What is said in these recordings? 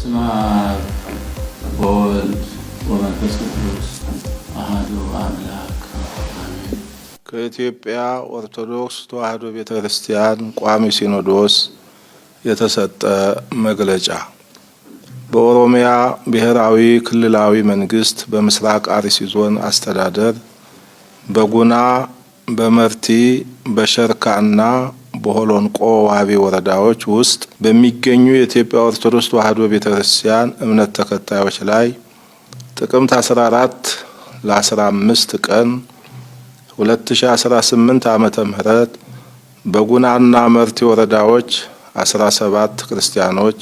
በስመ አብ ወወልድ ወመንፈስ ቅዱስ አሐዱ አምላክ አሜን። ከኢትዮጵያ ኦርቶዶክስ ተዋሕዶ ቤተ ክርስቲያን ቋሚ ሲኖዶስ የተሰጠ መግለጫ በኦሮሚያ ብሔራዊ ክልላዊ መንግስት በምስራቅ አርሲ ዞን አስተዳደር በጉና በመርቲ በሸርካ እና በሆሎንቆ ዋቢ ወረዳዎች ውስጥ በሚገኙ የኢትዮጵያ ኦርቶዶክስ ተዋሕዶ ቤተ ክርስቲያን እምነት ተከታዮች ላይ ጥቅምት 14 ለ15 ቀን 2018 ዓመተ ምህረት በጉናና መርቲ ወረዳዎች 17 ክርስቲያኖች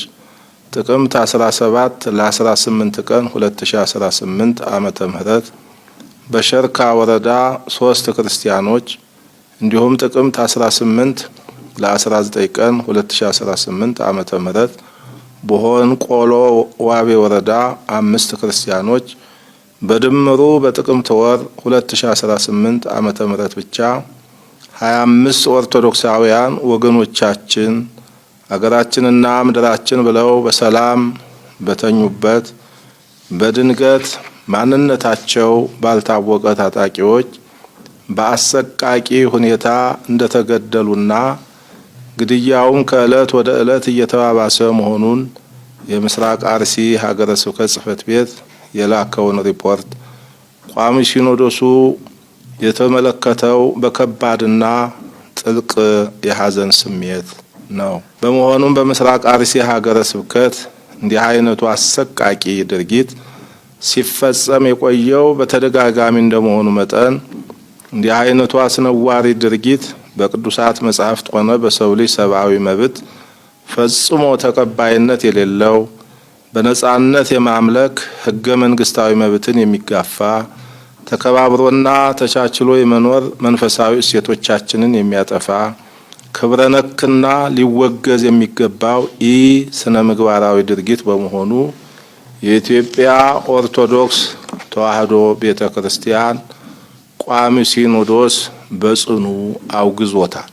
ጥቅምት 17 ለ18 ቀን 2018 ዓመተ ምህረት በሸርካ ወረዳ ሶስት ክርስቲያኖች እንዲሁም ጥቅምት 18 ለ19 ቀን 2018 ዓመተ ምህረት በሆን ቆሎ ዋቤ ወረዳ አምስት ክርስቲያኖች በድምሩ በጥቅምት ወር 2018 ዓመተ ምህረት ብቻ 25 ኦርቶዶክሳውያን ወገኖቻችን አገራችንና ምድራችን ብለው በሰላም በተኙበት በድንገት ማንነታቸው ባልታወቀ ታጣቂዎች በአሰቃቂ ሁኔታ እንደተገደሉና ግድያውም ከእለት ወደ እለት እየተባባሰ መሆኑን የምስራቅ አርሲ ሀገረ ስብከት ጽህፈት ቤት የላከውን ሪፖርት ቋሚ ሲኖዶሱ የተመለከተው በከባድና ጥልቅ የሐዘን ስሜት ነው። በመሆኑም በምስራቅ አርሲ ሀገረ ስብከት እንዲህ አይነቱ አሰቃቂ ድርጊት ሲፈጸም የቆየው በተደጋጋሚ እንደመሆኑ መጠን እንዲህ አይነቱ አስነዋሪ ድርጊት በቅዱሳት መጻሕፍት ሆነ በሰው ልጅ ሰብአዊ መብት ፈጽሞ ተቀባይነት የሌለው በነጻነት የማምለክ ህገ መንግስታዊ መብትን የሚጋፋ ተከባብሮና ተቻችሎ የመኖር መንፈሳዊ እሴቶቻችንን የሚያጠፋ ክብረ ነክና ሊወገዝ የሚገባው ኢ ስነ ምግባራዊ ድርጊት በመሆኑ የኢትዮጵያ ኦርቶዶክስ ተዋሕዶ ቤተ ክርስቲያን ቋሚ ሲኖዶስ በጽኑ አውግዞታል።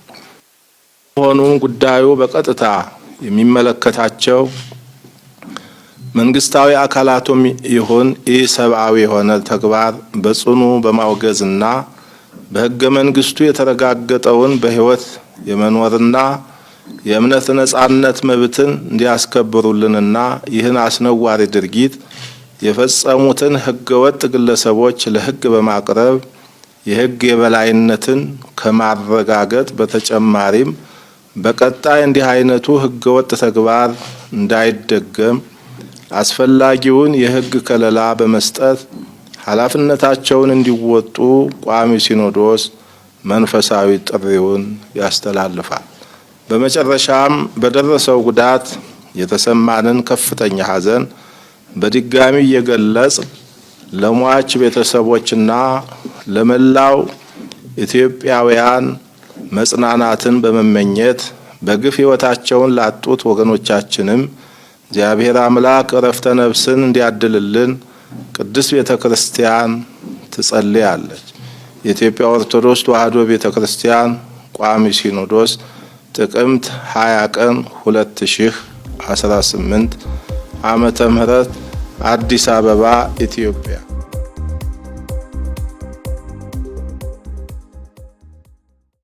ሆኑም ጉዳዩ በቀጥታ የሚመለከታቸው መንግስታዊ አካላቱም ይሁን ይህ ሰብአዊ የሆነ ተግባር በጽኑ በማውገዝና በህገ መንግስቱ የተረጋገጠውን በህይወት የመኖርና የእምነት ነጻነት መብትን እንዲያስከብሩልንና ይህን አስነዋሪ ድርጊት የፈጸሙትን ህገወጥ ግለሰቦች ለህግ በማቅረብ የህግ የበላይነትን ከማረጋገጥ በተጨማሪም በቀጣይ እንዲህ አይነቱ ወጥ ተግባር እንዳይደገም አስፈላጊውን የህግ ከለላ በመስጠት ኃላፊነታቸውን እንዲወጡ ቋሚ ሲኖዶስ መንፈሳዊ ጥሪውን ያስተላልፋል። በመጨረሻም በደረሰው ጉዳት የተሰማንን ከፍተኛ ሐዘን በድጋሚ እየገለጽ ለሟች ቤተሰቦችና ለመላው ኢትዮጵያውያን መጽናናትን በመመኘት በግፍ ሕይወታቸውን ላጡት ወገኖቻችንም እግዚአብሔር አምላክ እረፍተ ነፍስን እንዲያድልልን ቅድስት ቤተ ክርስቲያን ትጸልያለች። የኢትዮጵያ ኦርቶዶክስ ተዋሕዶ ቤተ ክርስቲያን ቋሚ ሲኖዶስ ጥቅምት 20 ቀን 2018 ዓመተ ምህረት አዲስ አበባ ኢትዮጵያ